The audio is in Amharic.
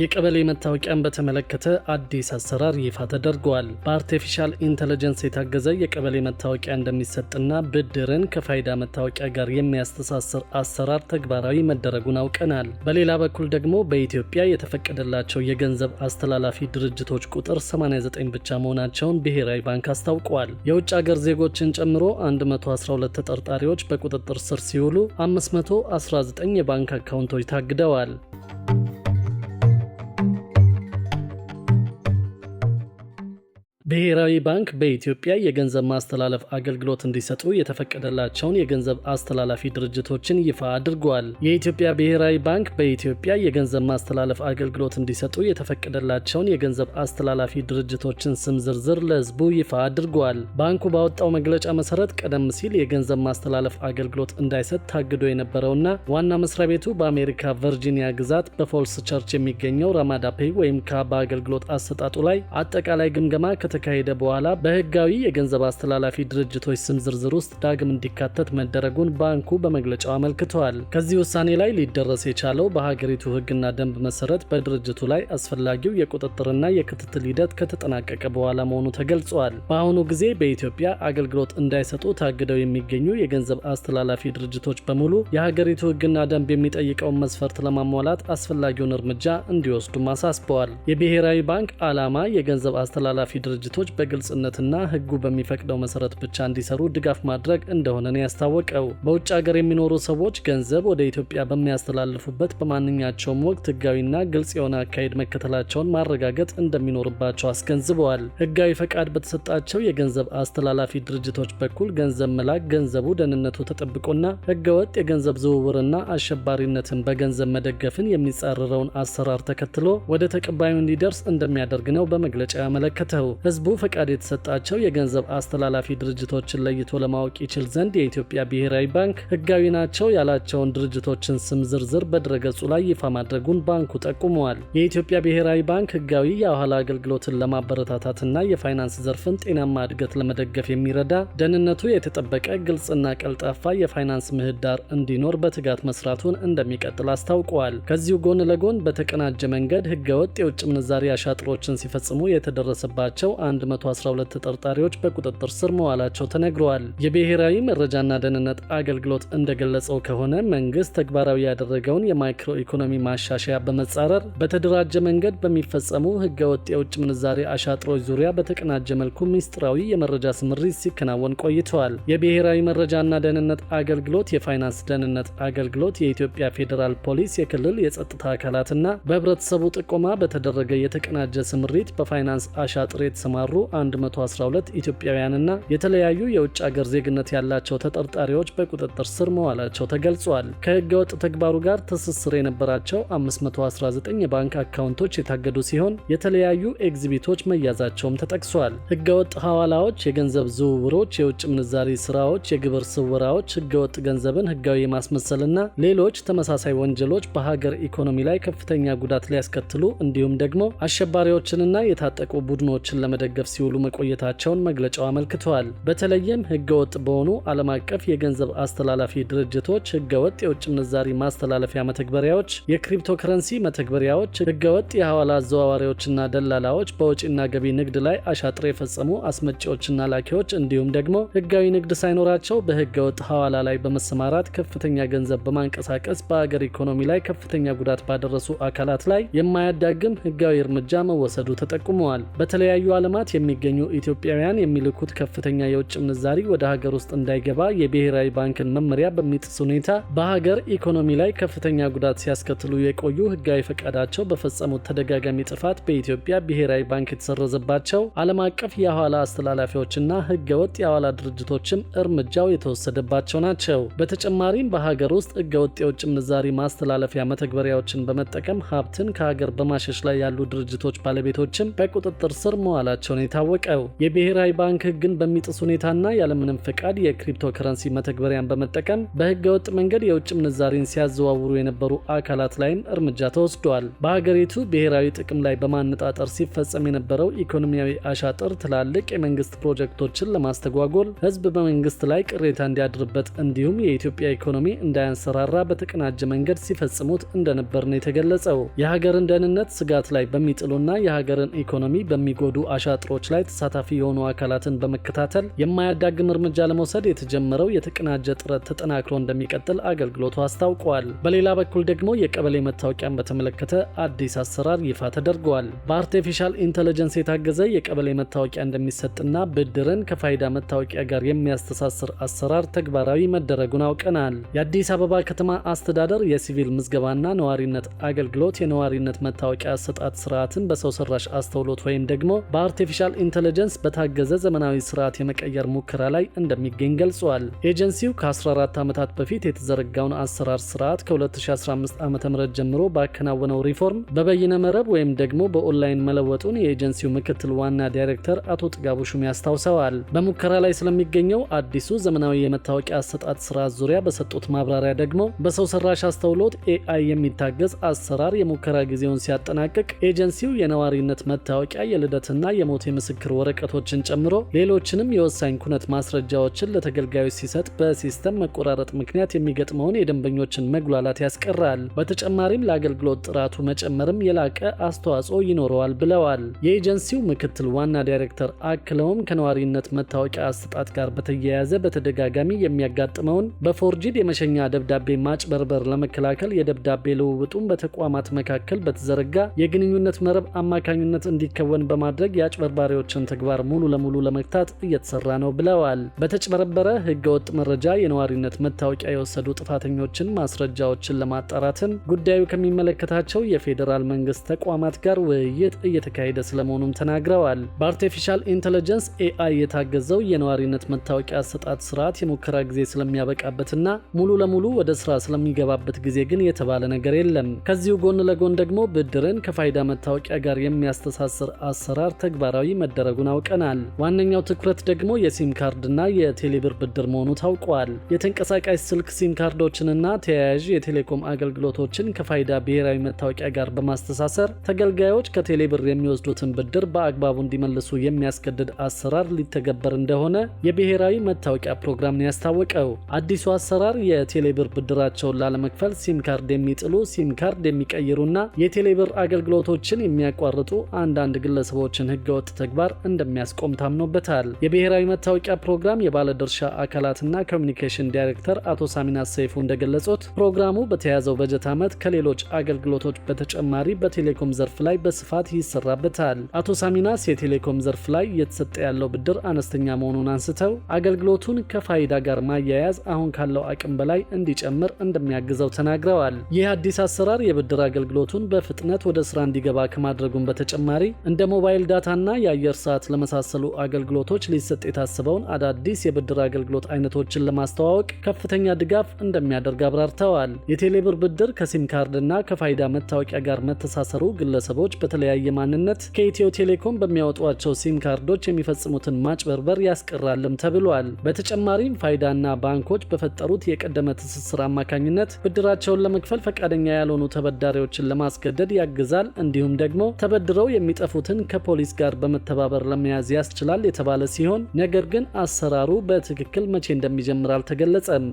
የቀበሌ መታወቂያን በተመለከተ አዲስ አሰራር ይፋ ተደርጓል። በአርቴፊሻል ኢንተለጀንስ የታገዘ የቀበሌ መታወቂያ እንደሚሰጥና ብድርን ከፋይዳ መታወቂያ ጋር የሚያስተሳስር አሰራር ተግባራዊ መደረጉን አውቀናል። በሌላ በኩል ደግሞ በኢትዮጵያ የተፈቀደላቸው የገንዘብ አስተላላፊ ድርጅቶች ቁጥር 89 ብቻ መሆናቸውን ብሔራዊ ባንክ አስታውቋል። የውጭ አገር ዜጎችን ጨምሮ 112 ተጠርጣሪዎች በቁጥጥር ስር ሲውሉ 519 የባንክ አካውንቶች ታግደዋል። ብሔራዊ ባንክ በኢትዮጵያ የገንዘብ ማስተላለፍ አገልግሎት እንዲሰጡ የተፈቀደላቸውን የገንዘብ አስተላላፊ ድርጅቶችን ይፋ አድርጓል። የኢትዮጵያ ብሔራዊ ባንክ በኢትዮጵያ የገንዘብ ማስተላለፍ አገልግሎት እንዲሰጡ የተፈቀደላቸውን የገንዘብ አስተላላፊ ድርጅቶችን ስም ዝርዝር ለሕዝቡ ይፋ አድርጓል። ባንኩ ባወጣው መግለጫ መሰረት ቀደም ሲል የገንዘብ ማስተላለፍ አገልግሎት እንዳይሰጥ ታግዶ የነበረውና ዋና መስሪያ ቤቱ በአሜሪካ ቨርጂኒያ ግዛት በፎልስ ቸርች የሚገኘው ራማዳፔ ወይም ካባ አገልግሎት አሰጣጡ ላይ አጠቃላይ ግምገማ ከተ ከተካሄደ በኋላ በህጋዊ የገንዘብ አስተላላፊ ድርጅቶች ስም ዝርዝር ውስጥ ዳግም እንዲካተት መደረጉን ባንኩ በመግለጫው አመልክተዋል። ከዚህ ውሳኔ ላይ ሊደረስ የቻለው በሀገሪቱ ህግና ደንብ መሰረት በድርጅቱ ላይ አስፈላጊው የቁጥጥርና የክትትል ሂደት ከተጠናቀቀ በኋላ መሆኑ ተገልጿል። በአሁኑ ጊዜ በኢትዮጵያ አገልግሎት እንዳይሰጡ ታግደው የሚገኙ የገንዘብ አስተላላፊ ድርጅቶች በሙሉ የሀገሪቱ ህግና ደንብ የሚጠይቀውን መስፈርት ለማሟላት አስፈላጊውን እርምጃ እንዲወስዱም አሳስበዋል። የብሔራዊ ባንክ ዓላማ የገንዘብ አስተላላፊ ድርጅ ድርጅቶች በግልጽነትና ሕጉ በሚፈቅደው መሰረት ብቻ እንዲሰሩ ድጋፍ ማድረግ እንደሆነ ነው ያስታወቀው። በውጭ ሀገር የሚኖሩ ሰዎች ገንዘብ ወደ ኢትዮጵያ በሚያስተላልፉበት በማንኛቸውም ወቅት ሕጋዊና ግልጽ የሆነ አካሄድ መከተላቸውን ማረጋገጥ እንደሚኖርባቸው አስገንዝበዋል። ህጋዊ ፈቃድ በተሰጣቸው የገንዘብ አስተላላፊ ድርጅቶች በኩል ገንዘብ መላክ ገንዘቡ ደህንነቱ ተጠብቆና ሕገወጥ የገንዘብ ዝውውርና አሸባሪነትን በገንዘብ መደገፍን የሚጻረረውን አሰራር ተከትሎ ወደ ተቀባዩ እንዲደርስ እንደሚያደርግ ነው በመግለጫ ያመለከተው። ህዝቡ ፈቃድ የተሰጣቸው የገንዘብ አስተላላፊ ድርጅቶችን ለይቶ ለማወቅ ይችል ዘንድ የኢትዮጵያ ብሔራዊ ባንክ ህጋዊ ናቸው ያላቸውን ድርጅቶችን ስም ዝርዝር በድረገጹ ላይ ይፋ ማድረጉን ባንኩ ጠቁመዋል። የኢትዮጵያ ብሔራዊ ባንክ ህጋዊ የአኋላ አገልግሎትን ለማበረታታትና የፋይናንስ ዘርፍን ጤናማ እድገት ለመደገፍ የሚረዳ ደህንነቱ የተጠበቀ ግልጽና ቀልጣፋ የፋይናንስ ምህዳር እንዲኖር በትጋት መስራቱን እንደሚቀጥል አስታውቀዋል። ከዚሁ ጎን ለጎን በተቀናጀ መንገድ ህገወጥ የውጭ ምንዛሪ አሻጥሮችን ሲፈጽሙ የተደረሰባቸው 112 ተጠርጣሪዎች በቁጥጥር ስር መዋላቸው ተነግረዋል። የብሔራዊ መረጃና ደህንነት አገልግሎት እንደገለጸው ከሆነ መንግስት ተግባራዊ ያደረገውን የማይክሮ ኢኮኖሚ ማሻሻያ በመጻረር በተደራጀ መንገድ በሚፈጸሙ ህገወጥ የውጭ ምንዛሬ አሻጥሮች ዙሪያ በተቀናጀ መልኩ ሚስጥራዊ የመረጃ ስምሪት ሲከናወን ቆይተዋል። የብሔራዊ መረጃና ደህንነት አገልግሎት፣ የፋይናንስ ደህንነት አገልግሎት፣ የኢትዮጵያ ፌዴራል ፖሊስ፣ የክልል የጸጥታ አካላትና በህብረተሰቡ ጥቆማ በተደረገ የተቀናጀ ስምሪት በፋይናንስ አሻጥር የተሰማ የተሰማሩ 112 ኢትዮጵያውያንና የተለያዩ የውጭ አገር ዜግነት ያላቸው ተጠርጣሪዎች በቁጥጥር ስር መዋላቸው ተገልጿል። ከህገወጥ ተግባሩ ጋር ትስስር የነበራቸው 519 የባንክ አካውንቶች የታገዱ ሲሆን የተለያዩ ኤግዚቢቶች መያዛቸውም ተጠቅሷል። ህገወጥ ሐዋላዎች፣ የገንዘብ ዝውውሮች፣ የውጭ ምንዛሪ ስራዎች፣ የግብር ስውራዎች፣ ህገወጥ ገንዘብን ህጋዊ የማስመሰልና ሌሎች ተመሳሳይ ወንጀሎች በሀገር ኢኮኖሚ ላይ ከፍተኛ ጉዳት ሊያስከትሉ እንዲሁም ደግሞ አሸባሪዎችንና የታጠቁ ቡድኖችን ለመደ ለመደገፍ ሲውሉ መቆየታቸውን መግለጫው አመልክተዋል። በተለይም ህገወጥ በሆኑ ዓለም አቀፍ የገንዘብ አስተላላፊ ድርጅቶች፣ ህገወጥ የውጭ ምንዛሪ ማስተላለፊያ መተግበሪያዎች፣ የክሪፕቶ ከረንሲ መተግበሪያዎች፣ ህገወጥ የሐዋላ አዘዋዋሪዎችና ደላላዎች፣ በወጪና ገቢ ንግድ ላይ አሻጥር የፈጸሙ አስመጪዎችና ላኪዎች እንዲሁም ደግሞ ህጋዊ ንግድ ሳይኖራቸው በህገወጥ ሐዋላ ላይ በመሰማራት ከፍተኛ ገንዘብ በማንቀሳቀስ በአገር ኢኮኖሚ ላይ ከፍተኛ ጉዳት ባደረሱ አካላት ላይ የማያዳግም ህጋዊ እርምጃ መወሰዱ ተጠቁመዋል። በተለያዩ ዓለም ዓለማት የሚገኙ ኢትዮጵያውያን የሚልኩት ከፍተኛ የውጭ ምንዛሪ ወደ ሀገር ውስጥ እንዳይገባ የብሔራዊ ባንክን መመሪያ በሚጥስ ሁኔታ በሀገር ኢኮኖሚ ላይ ከፍተኛ ጉዳት ሲያስከትሉ የቆዩ ህጋዊ ፈቃዳቸው በፈጸሙት ተደጋጋሚ ጥፋት በኢትዮጵያ ብሔራዊ ባንክ የተሰረዘባቸው ዓለም አቀፍ የሐዋላ አስተላላፊዎችና ህገወጥ የሐዋላ ድርጅቶችም እርምጃው የተወሰደባቸው ናቸው። በተጨማሪም በሀገር ውስጥ ህገወጥ የውጭ ምንዛሪ ማስተላለፊያ መተግበሪያዎችን በመጠቀም ሀብትን ከሀገር በማሸሽ ላይ ያሉ ድርጅቶች ባለቤቶችም በቁጥጥር ስር መዋላቸው መሆናቸውን የታወቀው። የብሔራዊ ባንክ ህግን በሚጥስ ሁኔታና ያለምንም ፈቃድ የክሪፕቶ ከረንሲ መተግበሪያን በመጠቀም በህገወጥ መንገድ የውጭ ምንዛሬን ሲያዘዋውሩ የነበሩ አካላት ላይም እርምጃ ተወስዷል። በሀገሪቱ ብሔራዊ ጥቅም ላይ በማነጣጠር ሲፈጸም የነበረው ኢኮኖሚያዊ አሻጥር ትላልቅ የመንግስት ፕሮጀክቶችን ለማስተጓጎል ህዝብ በመንግስት ላይ ቅሬታ እንዲያድርበት እንዲሁም የኢትዮጵያ ኢኮኖሚ እንዳያንሰራራ በተቀናጀ መንገድ ሲፈጽሙት እንደነበር ነው የተገለጸው። የሀገርን ደህንነት ስጋት ላይ በሚጥሉና የሀገርን ኢኮኖሚ በሚጎዱ አሻ ጥሮች ላይ ተሳታፊ የሆኑ አካላትን በመከታተል የማያዳግም እርምጃ ለመውሰድ የተጀመረው የተቀናጀ ጥረት ተጠናክሮ እንደሚቀጥል አገልግሎቱ አስታውቋል። በሌላ በኩል ደግሞ የቀበሌ መታወቂያን በተመለከተ አዲስ አሰራር ይፋ ተደርጓል። በአርቲፊሻል ኢንተለጀንስ የታገዘ የቀበሌ መታወቂያ እንደሚሰጥና ብድርን ከፋይዳ መታወቂያ ጋር የሚያስተሳስር አሰራር ተግባራዊ መደረጉን አውቀናል። የአዲስ አበባ ከተማ አስተዳደር የሲቪል ምዝገባና ነዋሪነት አገልግሎት የነዋሪነት መታወቂያ አሰጣጥ ስርዓትን በሰው ሰራሽ አስተውሎት ወይም ደግሞ በአርቲፊሻል ኢንቴሊጀንስ በታገዘ ዘመናዊ ስርዓት የመቀየር ሙከራ ላይ እንደሚገኝ ገልጿል። ኤጀንሲው ከ14 ዓመታት በፊት የተዘረጋውን አሰራር ስርዓት ከ2015 ዓ ም ጀምሮ ባከናወነው ሪፎርም በበይነ መረብ ወይም ደግሞ በኦንላይን መለወጡን የኤጀንሲው ምክትል ዋና ዳይሬክተር አቶ ጥጋቡ ሹሜ አስታውሰዋል። በሙከራ ላይ ስለሚገኘው አዲሱ ዘመናዊ የመታወቂያ አሰጣጥ ስርዓት ዙሪያ በሰጡት ማብራሪያ ደግሞ በሰው ሰራሽ አስተውሎት ኤአይ የሚታገዝ አሰራር የሙከራ ጊዜውን ሲያጠናቅቅ ኤጀንሲው የነዋሪነት መታወቂያ የልደትና የሞት የምስክር ወረቀቶችን ጨምሮ ሌሎችንም የወሳኝ ኩነት ማስረጃዎችን ለተገልጋዮች ሲሰጥ በሲስተም መቆራረጥ ምክንያት የሚገጥመውን የደንበኞችን መጉላላት ያስቀራል። በተጨማሪም ለአገልግሎት ጥራቱ መጨመርም የላቀ አስተዋጽኦ ይኖረዋል ብለዋል። የኤጀንሲው ምክትል ዋና ዳይሬክተር አክለውም ከነዋሪነት መታወቂያ አሰጣጥ ጋር በተያያዘ በተደጋጋሚ የሚያጋጥመውን በፎርጂድ የመሸኛ ደብዳቤ ማጭበርበር ለመከላከል የደብዳቤ ልውውጡን በተቋማት መካከል በተዘረጋ የግንኙነት መረብ አማካኝነት እንዲከወን በማድረግ የአጭበርባሪዎችን ተግባር ሙሉ ለሙሉ ለመግታት እየተሰራ ነው ብለዋል። በተጭበረበረ ህገወጥ መረጃ የነዋሪነት መታወቂያ የወሰዱ ጥፋተኞችን ማስረጃዎችን ለማጣራትም ጉዳዩ ከሚመለከታቸው የፌዴራል መንግስት ተቋማት ጋር ውይይት እየተካሄደ ስለመሆኑም ተናግረዋል። በአርቲፊሻል ኢንቴሊጀንስ ኤአይ የታገዘው የነዋሪነት መታወቂያ አሰጣጥ ስርዓት የሙከራ ጊዜ ስለሚያበቃበትና ሙሉ ለሙሉ ወደ ስራ ስለሚገባበት ጊዜ ግን የተባለ ነገር የለም። ከዚሁ ጎን ለጎን ደግሞ ብድርን ከፋይዳ መታወቂያ ጋር የሚያስተሳስር አሰራር ተግባ ተግባራዊ መደረጉን አውቀናል። ዋነኛው ትኩረት ደግሞ የሲም ካርድና የቴሌብር ብድር መሆኑ ታውቋል። የተንቀሳቃሽ ስልክ ሲም ካርዶችንና ተያያዥ የቴሌኮም አገልግሎቶችን ከፋይዳ ብሔራዊ መታወቂያ ጋር በማስተሳሰር ተገልጋዮች ከቴሌብር የሚወስዱትን ብድር በአግባቡ እንዲመልሱ የሚያስገድድ አሰራር ሊተገበር እንደሆነ የብሔራዊ መታወቂያ ፕሮግራም ነው ያስታወቀው። አዲሱ አሰራር የቴሌብር ብድራቸውን ላለመክፈል ሲም ካርድ የሚጥሉ፣ ሲም ካርድ የሚቀይሩና የቴሌብር አገልግሎቶችን የሚያቋርጡ አንዳንድ ግለሰቦችን ህገ ህገወጥ ተግባር እንደሚያስቆም ታምኖበታል። የብሔራዊ መታወቂያ ፕሮግራም የባለድርሻ አካላትና ኮሚኒኬሽን ዳይሬክተር አቶ ሳሚናት ሰይፉ እንደገለጹት ፕሮግራሙ በተያዘው በጀት ዓመት ከሌሎች አገልግሎቶች በተጨማሪ በቴሌኮም ዘርፍ ላይ በስፋት ይሰራበታል። አቶ ሳሚናስ የቴሌኮም ዘርፍ ላይ እየተሰጠ ያለው ብድር አነስተኛ መሆኑን አንስተው አገልግሎቱን ከፋይዳ ጋር ማያያዝ አሁን ካለው አቅም በላይ እንዲጨምር እንደሚያግዘው ተናግረዋል። ይህ አዲስ አሰራር የብድር አገልግሎቱን በፍጥነት ወደ ስራ እንዲገባ ከማድረጉን በተጨማሪ እንደ ሞባይል ዳታ የባንክና የአየር ሰዓት ለመሳሰሉ አገልግሎቶች ሊሰጥ የታሰበውን አዳዲስ የብድር አገልግሎት አይነቶችን ለማስተዋወቅ ከፍተኛ ድጋፍ እንደሚያደርግ አብራርተዋል። የቴሌብር ብድር ከሲም ካርድና ከፋይዳ መታወቂያ ጋር መተሳሰሩ ግለሰቦች በተለያየ ማንነት ከኢትዮ ቴሌኮም በሚያወጧቸው ሲም ካርዶች የሚፈጽሙትን ማጭበርበር ያስቀራልም ተብሏል። በተጨማሪም ፋይዳና ባንኮች በፈጠሩት የቀደመ ትስስር አማካኝነት ብድራቸውን ለመክፈል ፈቃደኛ ያልሆኑ ተበዳሪዎችን ለማስገደድ ያግዛል። እንዲሁም ደግሞ ተበድረው የሚጠፉትን ከፖሊስ ጋር ጋር በመተባበር ለመያዝ ያስችላል የተባለ ሲሆን ነገር ግን አሰራሩ በትክክል መቼ እንደሚጀምር አልተገለጸም።